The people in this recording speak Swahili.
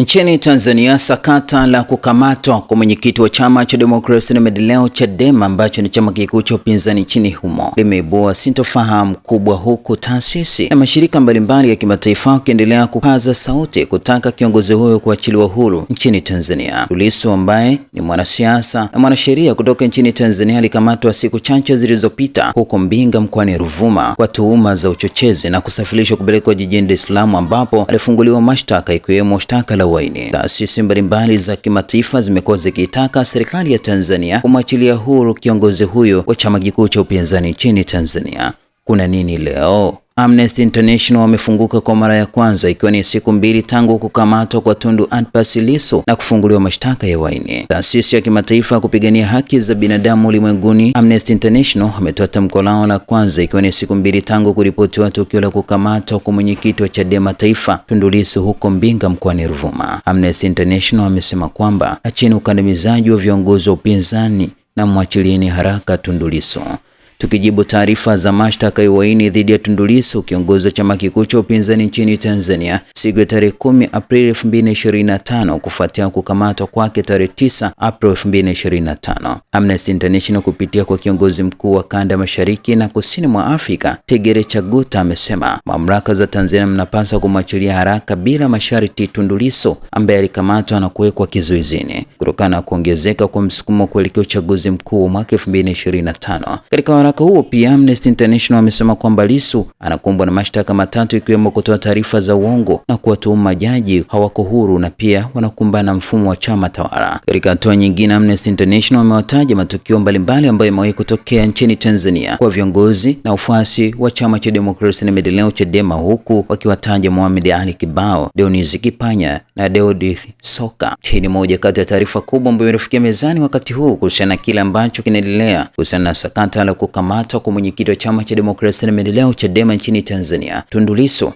Nchini Tanzania, sakata la kukamatwa kwa mwenyekiti wa chama cha demokrasia na maendeleo Chadema ambacho ni chama kikuu cha upinzani nchini humo limeibua sintofahamu kubwa, huku taasisi na mashirika mbalimbali ya kimataifa wakiendelea kupaza sauti kutaka kiongozi huyo kuachiliwa huru nchini Tanzania. Tulisu ambaye ni mwanasiasa na mwanasheria kutoka nchini Tanzania alikamatwa siku chache zilizopita huko Mbinga mkoani Ruvuma kwa tuhuma za uchochezi na kusafirishwa kupelekwa jijini Dar es Salaam ambapo alifunguliwa mashtaka ikiwemo shtaka la arobaini. Taasisi mbalimbali za kimataifa zimekuwa zikiitaka serikali ya Tanzania kumwachilia huru kiongozi huyo wa chama kikuu cha upinzani nchini Tanzania. Kuna nini leo? Amnesty International wamefunguka kwa mara ya kwanza ikiwa ni siku mbili tangu kukamatwa kwa Tundu Antipas Lissu na kufunguliwa mashtaka ya uhaini. Taasisi ya kimataifa ya kupigania haki za binadamu ulimwenguni Amnesty International ametoa tamko lao la kwanza ikiwa ni siku mbili tangu kuripotiwa tukio la kukamatwa kwa mwenyekiti wa Chadema Taifa Tundu Lissu huko Mbinga mkoani Ruvuma. Amnesty International amesema kwamba acheni ukandamizaji wa viongozi wa upinzani na mwachilieni haraka Tundu Lissu. Tukijibu taarifa za mashtaka iwaini dhidi ya Tundu Lissu, kiongozi wa chama kikuu cha upinzani nchini Tanzania, siku ya tarehe 10 Aprili 2025 kufuatia kukamatwa kwake tarehe 9 Aprili 2025. Amnesty International kupitia kwa kiongozi mkuu wa kanda ya Mashariki na Kusini mwa Afrika, Tegere Chaguta amesema, mamlaka za Tanzania mnapaswa kumwachilia haraka bila masharti Tundu Lissu ambaye alikamatwa na kuwekwa kizuizini kutokana na kuongezeka kwa msukumo kuelekea uchaguzi mkuu wa mwaka 2025. Katika waraka huo pia Amnesty International wamesema kwamba Lissu anakumbwa na mashtaka matatu ikiwemo kutoa taarifa za uongo na kuwatuhumu majaji hawako huru na pia wanakumbana mfumo wa chama tawala. Katika hatua nyingine, Amnesty International wamewataja matukio mbalimbali ambayo yamewahi kutokea nchini Tanzania kwa viongozi na ufuasi wa chama cha demokrasia na maendeleo Chadema, huku wakiwataja Mohamed Ali Kibao, Dionisi Kipanya na Deodith Soka. Hii ni moja kati ya taarifa kubwa ambayo imefikia mezani wakati huu kuhusiana na kile ambacho kinaendelea kuhusiana na sakata la kukamatwa kwa mwenyekiti wa chama cha demokrasia na maendeleo Chadema nchini Tanzania Tundu Lissu